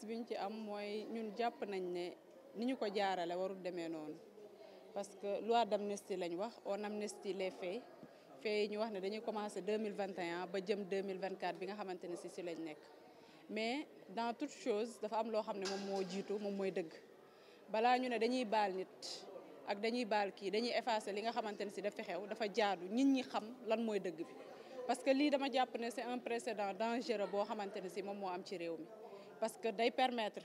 gis ñu ci am mooy ñun jàpp nañ ne ni ñu ko jaarale warul demee noonu parce que loi d'amnistie lañ wax on amnistie les faits faits yi ñu wax ne dañuy commencé 2021 ba jëm 2024 bi nga xamante ne si si lañ nekk mais dans tout chose dafa am loo xam ne moom moo jiitu moom mooy dëgg balaa ñu ne dañuy baal nit ak dañuy baal kii dañuy effacer li nga xamante ne si dafa xew dafa jaadu nit ñi xam lan mooy dëgg bi parce que lii dama jàpp ne c'est un précédent dangereux boo xamante ne si moom moo am ci réew mi parce que day permettre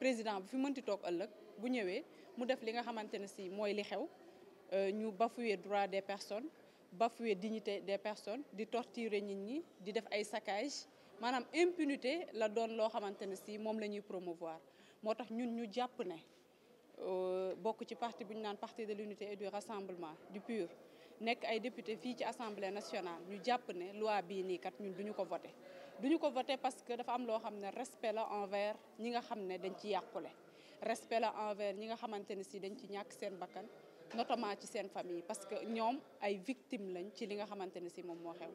président bu fi mënti toog ëllëg bu ñëwee mu def li nga xamante ne si mooy li xew euh, ñu bafouer droit des personnes bafouer dignité des personnes di torturer nit ñi di def ay saccage maanaam impunité la doon loo xamante ne si moom la ñuy promouvoir moo tax ñun ñu jàpp ne euh, bokk ci parti bu ñu naan parti de l'unité et du rassemblement du PUR nekk ay député fii ci assemblée nationale ñu jàpp ne loi bii nii kat ñun duñu ko voté duñu ko voté parce que dafa am loo xam ne respect la envers ñi nga xam ne dañ ci yàqule respect la envers ñi nga xamante ne si dañ ci ñàkk seen bakkan notamment ci seen famille parce que ñoom ay victime lañ ci li nga xamante ne si moom moo xew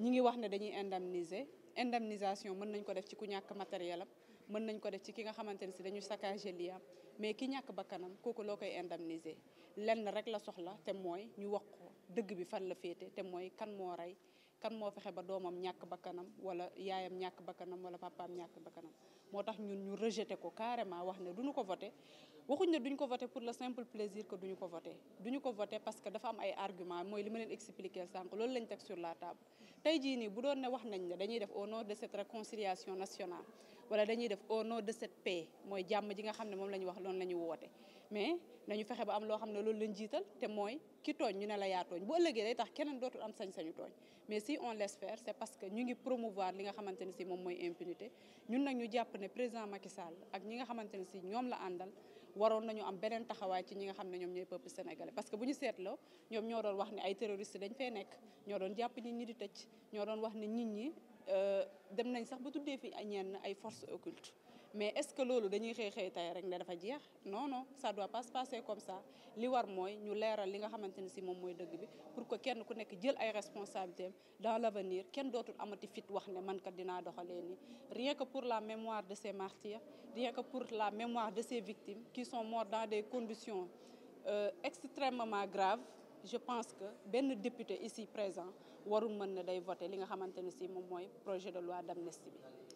ñi ngi wax ne dañuy indemniser indemnisation mën nañ ko def ci ku ñàkk matériel am mën nañ ko def ci ki nga xamante ne si dañu saccagé li am mais ki ñàkk bakkanam kooku loo koy indemniser lenn rek la soxla te mooy ñu wax dëgg bi fan la féete te mooy kan moo rey kan moo fexe ba doomam ñàkk bakkanam wala yaayam ñàkk bakkanam wala papaam ñàkk bakkanam moo tax ñun ñu rejeté ko carrément wax ne duñu ko voté waxuñ ne duñ ko voté pour le simple plaisir que duñu ko voté duñu ko voté parce que dafa am ay argument mooy li ma leen expliqué sànq loolu lañ teg sur la table tey jii nii bu doon ne wax nañ ne dañuy def au nom de cette réconciliation nationale wala dañuy def au de cette paix mooy jàmm ji nga xam ne moom la ñu wax loolu la woote mais nañu fexe ba am loo xam ne loolu lañ jiital te mooy ki tooñ ñu ne la yaa tooñ bu ëllëgee day tax keneen dootul am sañ-sañu tooñ mais si on laisse faire c'est parce que ñu nga xamante ne si moom mooy impunité ñun nag ñu jàpp ne président Macky Sall ñi nga xamante ne si ñoom la àndal waroon nañu am beneen taxawaay ci ñi nga xam ne ñoom ñooy peuple sénégalais parce que bu ñu seetloo ñoom ñoo doon wax ne ay terroristes dañ fee nekk ñoo doon jàpp nit ñi di tëj ñoo doon wax ni nit ñi euh, dem nañ sax ba tuddee fi ñenn ay force occultes mais est ce que loolu dañuy xëy xëy tey rek ne dafa jeex non non ça doit pas se comme ça li war mooy ñu leeral li nga xamante ne si moom mooy dëgg bi pour que kenn ku nekk jël ay responsabilités dans l' avenir kenn dootul amati fit wax ne man kat dinaa doxalee nii rien que pour la mémoire de ces martyrs rien que pour la mémoire de ces victimes qui son mortes dans des conditions euh, extrêmement graves je pense que benn député ici présent warul mën na day voter li nga xamante ne si moom mooy projet de loi d' bi